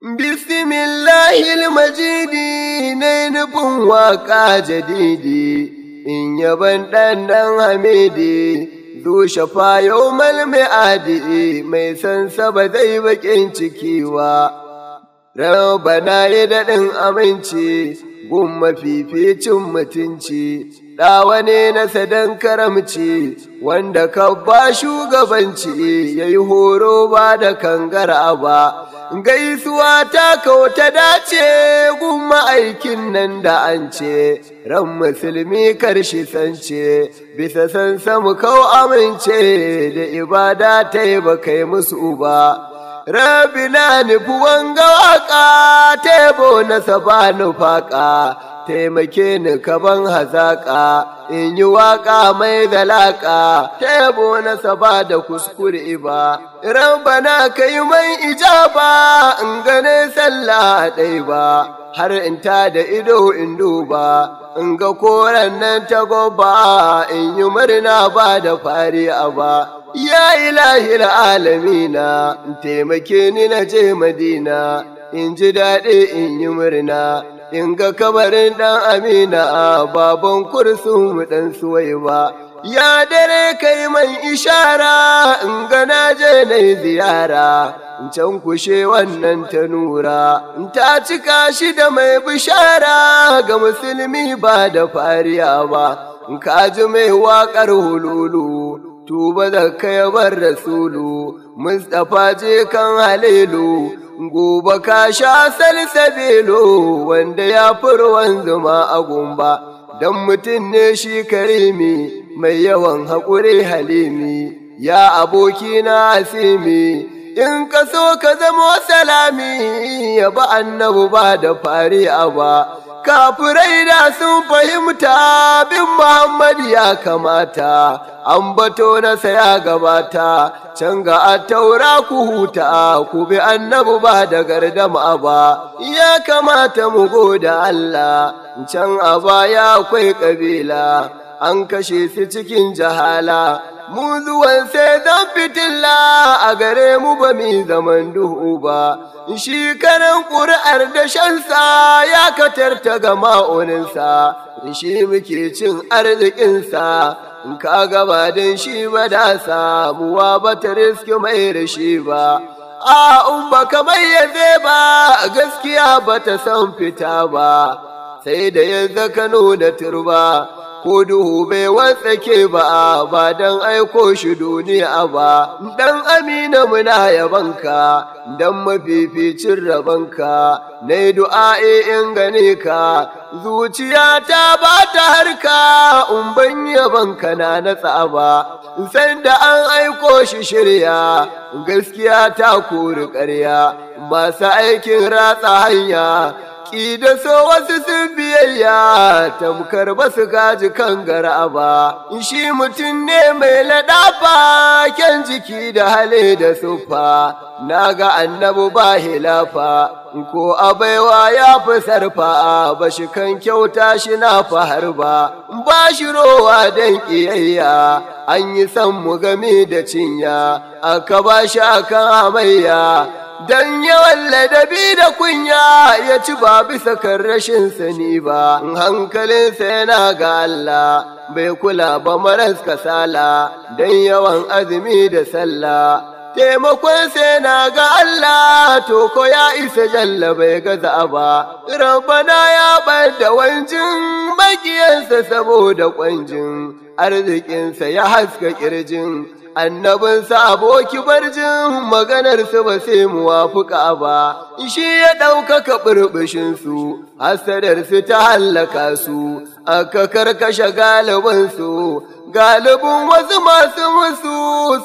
bismillahil majidi na nufin waƙa jadidi in yaban ɗan ɗan hamidi zu shafa yau malmi adi mai san saba zai bakin cikiwa rabana ya daɗin aminci gun mafificin mutunci ɗawa ne na sadan karamci wanda ka ba shugabanci ya yi horo ba da kangar aba. gaisuwa ta kauta dace gun aikin nan da an ce ran musulmi karshe sance bisa san samu kau amince da ibada ta yi ba kai musu uba. Rabi rabina nufi wanga waka tebo na sabanu nufaƙa taimake ni kaban hazaƙa, in yi waƙa mai zalaƙa, yabo na saba da kuskure ba. Rabbana ka yi mai ijaba, in gane sallah ɗai ba, har in ta da ido in duba, in ga koren nan ta gaba in yi murna ba da fari a ba. Ya ilahil alamina, taimake ni na je Madina, in ji daɗi in yi murna. in ga kabarin ɗan amina baban kursun ɗan suwai ba. Ya dare kai mai ishara in ga na je na ziyara, in can kushe wannan ta nura, in ta cika shi da mai bishara ga musulmi ba da fariya ba, in ka ji mai waƙar hululu, tuba da kai bar rasulu, Mustapha je kan halilu, gobe ka sha salsabelo wanda ya fi ruwan zuma a gumba, don mutum ne shi karimi mai yawan haƙuri halimi, ya abokina asimi, in ka so ka zamo salami, ya ba annabu ba da fari a ba. kafirai da sun fahimta bin Muhammadu ya kamata, an bato na saya gabata, can ga a taura ku huta, ku bi annabu ba da gardama ba, ya kamata mu goda Allah, can a baya akwai kabila, an kashe su cikin jahala. mu zuwan sai dan fitilla a gare mu ba mi zaman duhu ba, shi karin ƙuri'ar da shansa ya katarta ga ma'uninsa, shi muke cin arzikinsa, in ka gaba don shi ba da samuwa ba ta riski mai rashi ba. A in ba kamar ze ba, gaskiya ba ta san fita ba, sai da yanzu ka nuna turba. ko duhu bai watsake ba ba dan aiko shi duniya ba dan amina muna yabanka dan mafificin rabanka na yi du'a'i in gane ka zuciya ta ba ta harka in ban yabanka na na tsaba san da an aiko shi shirya gaskiya ta kori ƙarya masu aikin ratsa hanya Ki da so wasu sun biyayya tamkar ba su gaji kan garaba, shi mutum ne mai laɗafa kyan jiki da hale da sufa, na ga annabu ba hilafa, ko abaiwa ya fi sarfa ba shi kan kyauta shi na fahar ba, ba shi rowa don ƙiyayya, an yi san mu game da cinya, aka ba shi kan amayya. dan yawan ladabi da kunya ya ci ba bisa kan rashin sani ba hankalinsa yana ga Allah bai kula ba maras kasala dan yawan azumi da sallah taimakon sai na ga Allah to ko ya isa jalla bai gaza ba rabbana ya da wanjin makiyansa saboda kwanjin arzikinsa ya haska kirjin annabinsa aboki barjin maganarsa ba sai muwafuka ba, shi ya ɗaukaka burbushinsu hasadarsu ta hallaka su, aka karkashe galibinsu, galibin wasu masu musu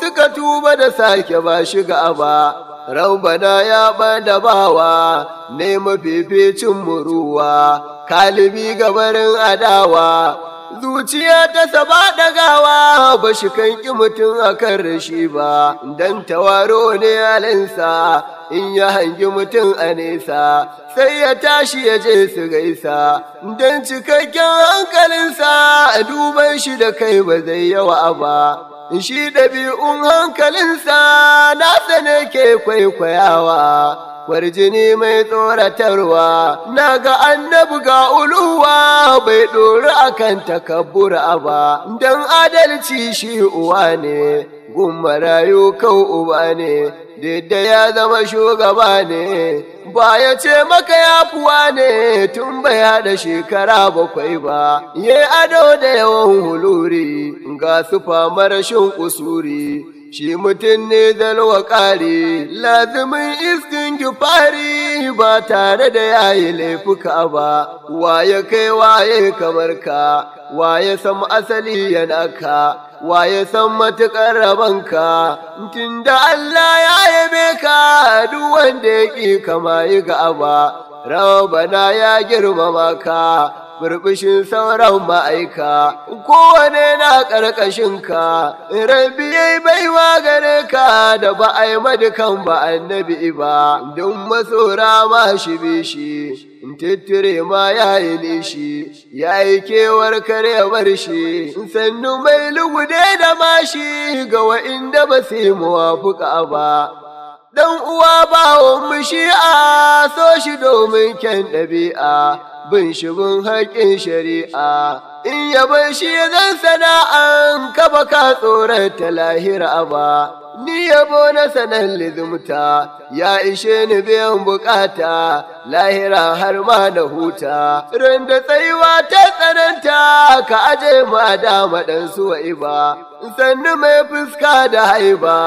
suka tuba da sake ba shiga ba. Raubana ya bada bawa, ne mafificin muruwa, kalibi gabarin adawa, zuciya ta saba gawa, ba shi kan ƙi mutum a kan rashi ba dan tawaro ne yalinsa, in ya hangi mutum a nesa sai ya tashi ya je su gaisa don cikakken hankalinsa a duban shi da kai ba zai yawa ba shi ɗabi'un hankalinsa nasa ne ke kwaikwayawa warjini mai tsoratarwa na ga annabu ga uluwa bai ɗori a kan takabbura ba don adalci shi uwa ne gun marayu kau uba ne da ya zama shugaba ne ba ya ce maka ya kuwa ne tun bai haɗa shekara bakwai ba ye ado da yawan huluri ga su fama rashin kusuri shi mutum ne zalwa ƙare Lazumin iskin gifari ba tare da yayi laifuka ba, waye kai waye kamar ka, waye san asali yana ka, waye san matuƙar rabon tun da Allah ya yabe ka duk wanda ya ƙi kama yi ga aba rabana ya girmama ka. burbushin sauran ma'aika, kowane na ƙarƙashinka, rabi ya yi baiwa gare ka da ba a yi madukan ba annabi ba, don masora ma shi bishi. tittire ma ya yi nishi, ya yi kewar bar shi, sannu mai lugude da mashi ga wa'inda ba su yi muwafuka ba. Dan uwa bawon mu shi'a so shi domin kyan ɗabi'a. bin shi bin shari'a in ya bai shi zan sana'an kaba ka tsorata lahira ba ni yabo na sanar lizumta ya ishe ni biyan bukata lahira har ma da huta randa tsayuwa ta tsananta ka aje ma dama dan suwa iba sannu mai fuska da haiba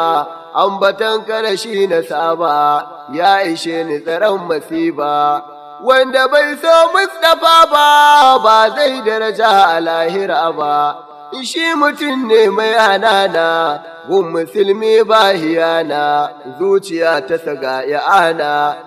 ambatan karashi na saba ya ishe ni tsaron masiba wanda bai so Mustapha ba ba zai daraja a lahira ba, shi mutum ne mai hanana, gun musulmi ba hiyana, zuciya ta saga ana.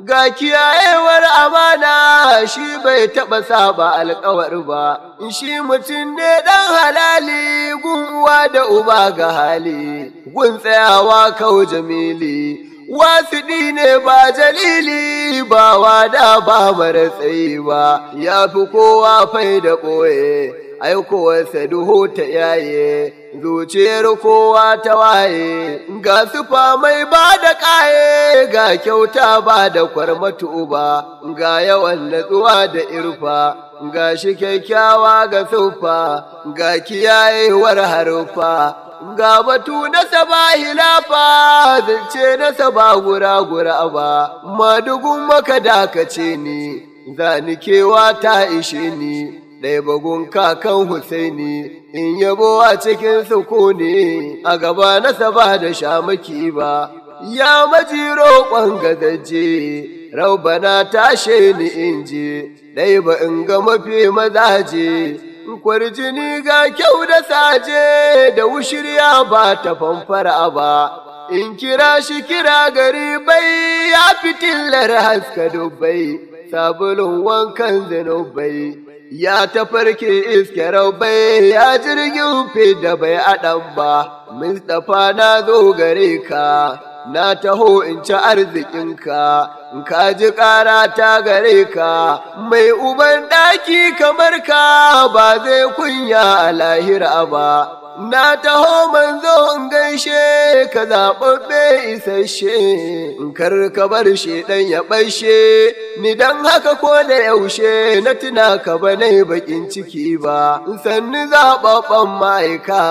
Ga kiyayewar amana shi bai taɓa saba alkawar ba, shi mutum ne ɗan halali gun uwa da uba ga hali, gun tsayawa kau jamili. wasiɗi ne ba jalili ba wada ba maratsayi ba ya fi kowa fai da ɓoye aikowarsa duhu ta yaye zuciyar kowa ta waye ga sufa mai ba da ƙaye ga kyauta ba da kwarmatu ba ga yawan natsuwa da irfa ga shi kyakkyawa ga siffa ga kiyayewar harufa ga batu na saba hilafa zance na saba gura gura ba madugun maka dakace ni zanikewa ta ishe ni ɗaya bagun kakan Husaini in yabo a cikin sukuni a gaba na saba da shamaki ba ya majiro ƙwangadaje raubana tashe ni in je ɗaya ba in ga mafi mazaje kwarjini ga kyau da saje da wushirya ba ta famfara ba, in kira shi kira gari bai ya fitillar haska dubbai, sabulun wankan zinubai. Ya tafarki iske bai ya jirgin fi da bai aɗan ba, Mustapha na zo gare ka. na taho in ci arzikinka, in ka ji ƙara ta gare ka, mai uban ɗaki kamar ka ba zai kunya a lahira ba. Na taho manzo in gaishe ka zaɓaɓɓe isasshe, in kar ka bar shi ɗan ya ɓashe, ni don haka ko da yaushe na tuna ka ba na baƙin ciki ba, sannu zaɓaɓɓen ma'aika,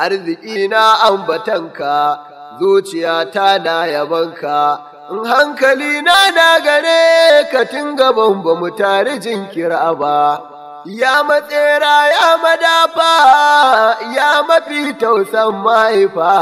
arziki na ambatanka. zuciya ta na yabanka in hankali na na gare ka tun gaban ba mu tare kira ba ya matsera ya madafa ya mafi tausan mahaifa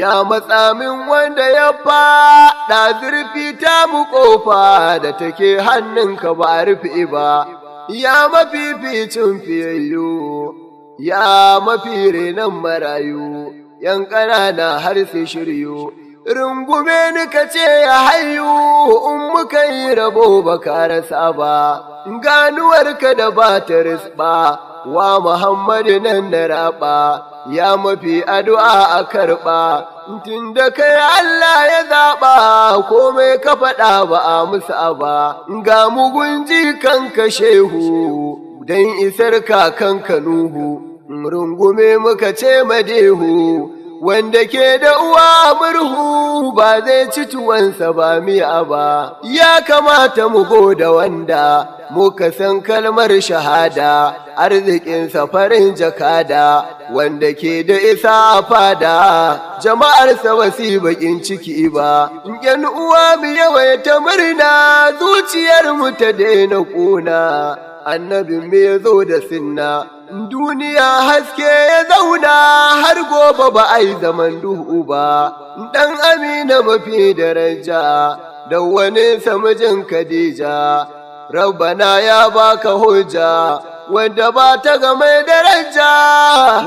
ya matsamin wanda ya faɗa zurfi ta mu ƙofa da take hannunka ba a rufe ba ya mafificin fiyayyo ya mafi renon marayu yan ƙanana har su shiryo. Rungume ni ka ce ya hayu in muka yi rabo ba ka rasa ba, ganuwarka da ba ta risba, wa Muhammadu nan da raɓa, ya mafi addu'a a karɓa, tun da kai Allah ya zaɓa, komai ka faɗa ba a musu aba ga mugunji kanka shehu, don isar kanka nuhu. rungume muka ce madehu wanda ke da uwa murhu ba zai ci tuwansa ba miya ba, ya kamata mu goda wanda muka san kalmar shahada, arzikin farin jakada, wanda ke da isa a fada, jama'arsa ba su bakin ciki ba, yan uwa mu yawaita murna zuciyar mu ta daina ƙuna, annabin me ya zo da sinna. duniya haske ya zauna har gobe ba a yi zaman duhu ba, ɗan amina mafi daraja, da wani samajin Khadija. Rabbana ya baka hujja wanda ba ta ga mai daraja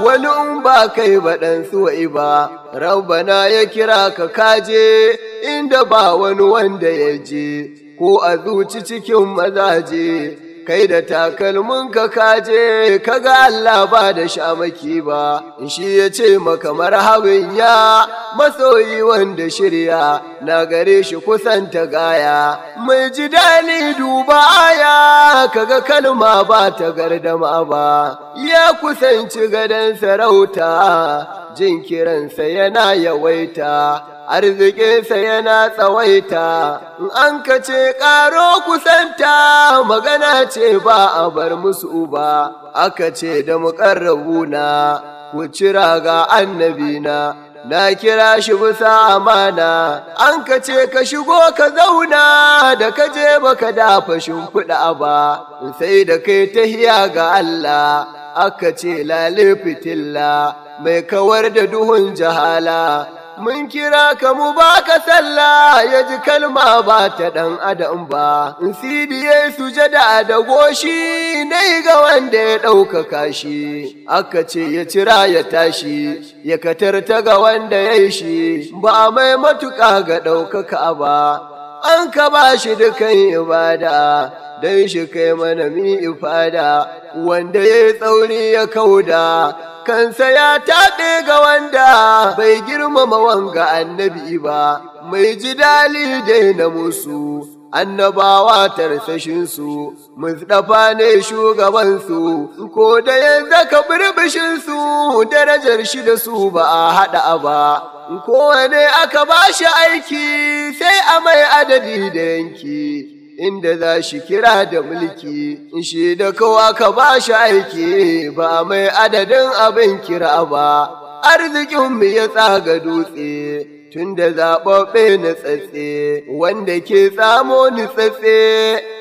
wani in ba kai ba dan suwa'i ba Rabbana ya kira ka kaje inda ba wani wanda ya je ko a zuci cikin mazaje kai da takalmin ka kaje kaga Allah ba da shamaki ba in shi ya ce maka marhabin ya masoyi wanda shirya na gare shi kusanta gaya mai ji dali duba ya kaga kalma ba ta gardama ba ya kusanci gadon sarauta Jin kiransa yana yawaita, arzikinsa yana tsawaita, in an ka ce ƙaro kusanta magana ce ba a bar musu uba. aka ce da na, ku cira ga annabina. Na kira shi bisa amana, an ka ka shigo ka zauna da ka je baka dafa shimfiɗa ba, sai da kai tahiya ga Allah, aka ce lale fitilla. mai kawar da duhun jahala mun kira ka mu baka sallah ya ji kalma ba ta ɗan adam ba in sidi ya sujada da goshi yi ga wanda ya ɗaukaka shi aka ce ya cira ya tashi ya katarta ga wanda ya yi shi ba mai matuƙa ga ɗaukaka ba an ka ba shi dukan ibada don shi kai mana mi ifada wanda ya yi tsauri ya kauda kansa ya taɗe ga wanda bai girmama wanga annabi ba, mai ji dali daina musu, annabawa tarfashinsu, Mustapha ne shugabansu, ko da yanzu ka birbishinsu darajar shi da su ba a haɗa ba, kowane aka ba shi aiki sai a mai adadi da yanki. inda za shi kira da mulki, shi da kowa ka ba shi aiki ba mai adadin abin kira ba, mu ya tsaga dutse. Tun da zaɓaɓɓe na tsatse, wanda ke tsamo ni tsatse,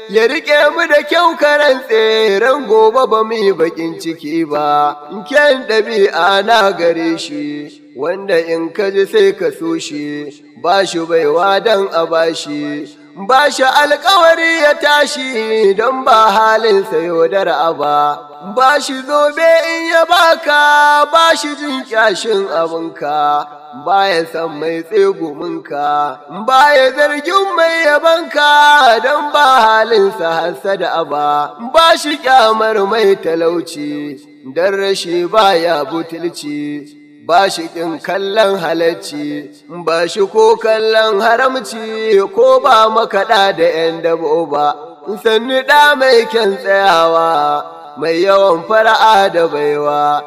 ya riƙe mu da kyau karan tseren gobe ba mu yi baƙin ciki ba, kyan ɗabi'a na gare shi. wanda in ka ji sai ka so shi, ba shi baiwa don a bashi, ba shi alkawari ya tashi don ba halin sa dara Aba. ba shi zobe in ya baka ba shi jin kyashin abinka, ba ya san mai tseguminka, ba ya zargin mai yabanka don ba halin halinsa da Aba. ba shi kyamar mai talauci, don rashi ba ya butulci. ba shi ƙin kallon halacci, ba shi ko kallon haramci ko ba makaɗa da ‘yan dabo ba, sannu ɗa mai kyan tsayawa, mai yawan fara'a da baiwa,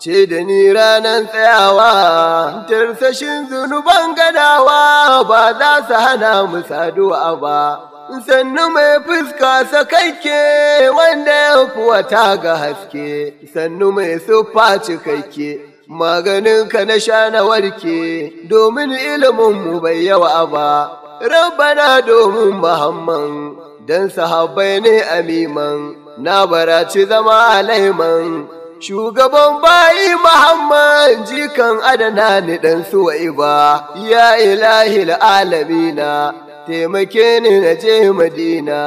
ce da ni ranar tsayawa, tarsashin zunuban gadawa ba za su hana mu saduwa ba. sannu mai fuska sakakke wanda ya fi wata ga haske, sannu mai siffa cikakke. maganin ka na sha na warke domin ilimin mu bai yawa ba rabbana domin muhamman dan sahabbai ne amiman na baraci zama alaiman shugaban bayi muhammad jikan adana ni dan suwaiba ya ilahi alamina taimake ni na je madina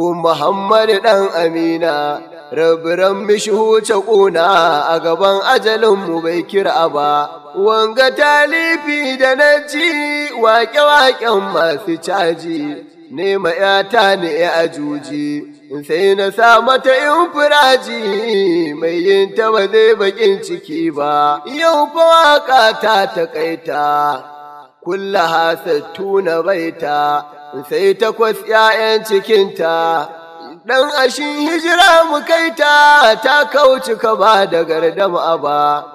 gun muhammad dan amina rabiran mishu huce ƙuna a gaban ajalinmu bai kira ba, wanga talifi da na ji waƙe-waƙen masu caji, nema ‘yata ne ya ajuji, sai na sa mata in firaji mai yin ta ba zai baƙin ciki ba, yau fa waƙa ta taƙaita. Kulla hasattu na baita, sai takwas ‘ya'yan cikinta. dan ashin hijira mu kai ta ta kau ka ba da gardama ba